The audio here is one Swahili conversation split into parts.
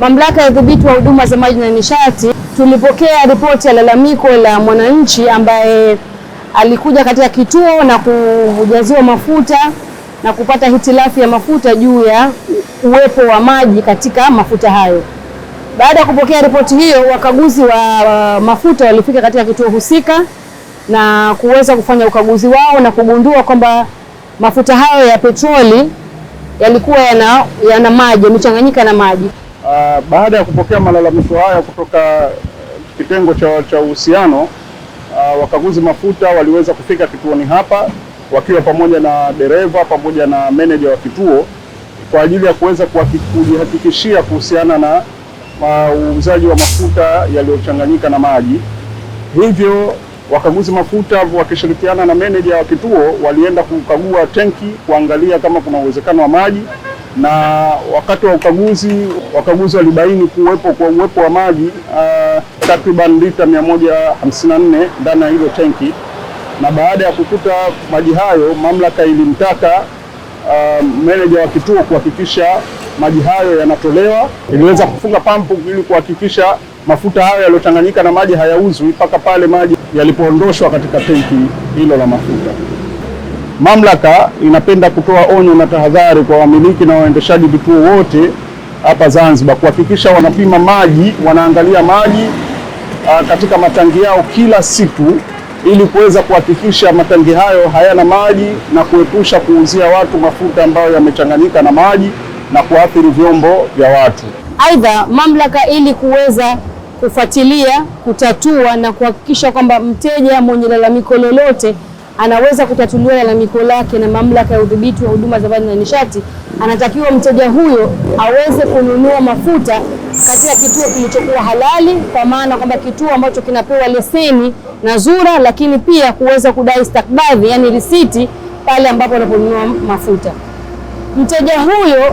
Mamlaka ya Udhibiti wa Huduma za Maji na Nishati, tulipokea ripoti ya lalamiko la mwananchi ambaye alikuja katika kituo na kujaziwa mafuta na kupata hitilafu ya mafuta juu ya uwepo wa maji katika mafuta hayo. Baada ya kupokea ripoti hiyo, wakaguzi wa mafuta walifika katika kituo husika na kuweza kufanya ukaguzi wao na kugundua kwamba mafuta hayo ya petroli yalikuwa yana, yana maji yamechanganyika na maji. Ah, baada ya kupokea malalamiko haya kutoka eh, kitengo cha uhusiano cha uh, wakaguzi mafuta waliweza kufika kituoni hapa wakiwa pamoja na dereva pamoja na meneja wa kituo kwa ajili ya kuweza kujihakikishia kuhusiana na ah, uuzaji wa mafuta yaliyochanganyika na maji. Hivyo wakaguzi mafuta wakishirikiana na meneja wa kituo walienda kukagua tenki kuangalia kama kuna uwezekano wa maji na wakati wa ukaguzi, wakaguzi walibaini kuwepo kwa uwepo wa maji uh, takriban lita 154 ndani ya hilo tenki, na baada ya kukuta maji hayo, mamlaka ilimtaka uh, meneja wa kituo kuhakikisha maji hayo yanatolewa. Iliweza kufunga pampu ili kuhakikisha mafuta hayo yaliyochanganyika na maji hayauzwi mpaka pale maji yalipoondoshwa katika tenki hilo la mafuta. Mamlaka inapenda kutoa onyo na tahadhari kwa wamiliki na waendeshaji vituo wote hapa Zanzibar kuhakikisha wanapima maji, wanaangalia maji a, ah, katika matangi yao kila siku ili kuweza kuhakikisha matangi hayo hayana maji na kuepusha kuuzia watu mafuta ambayo yamechanganyika na maji na kuathiri vyombo vya watu. Aidha, mamlaka ili kuweza kufuatilia, kutatua na kuhakikisha kwamba mteja mwenye lalamiko lolote anaweza kutatuliwa lalamiko lake na mamlaka ya udhibiti wa huduma za maji na nishati, anatakiwa mteja huyo aweze kununua mafuta katika kituo kilichokuwa halali, kwa maana kwamba kituo ambacho kinapewa leseni na ZURA, lakini pia kuweza kudai stakabadhi, yani risiti pale ambapo anaponunua mafuta. Mteja huyo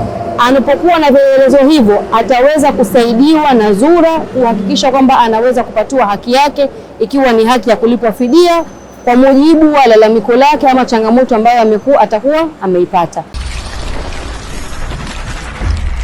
anapokuwa na vielelezo hivyo ataweza kusaidiwa na ZURA kuhakikisha kwamba anaweza kupatiwa haki yake, ikiwa ni haki ya kulipwa fidia kwa mujibu wa lalamiko lake ama changamoto ambayo amekuwa atakuwa ameipata.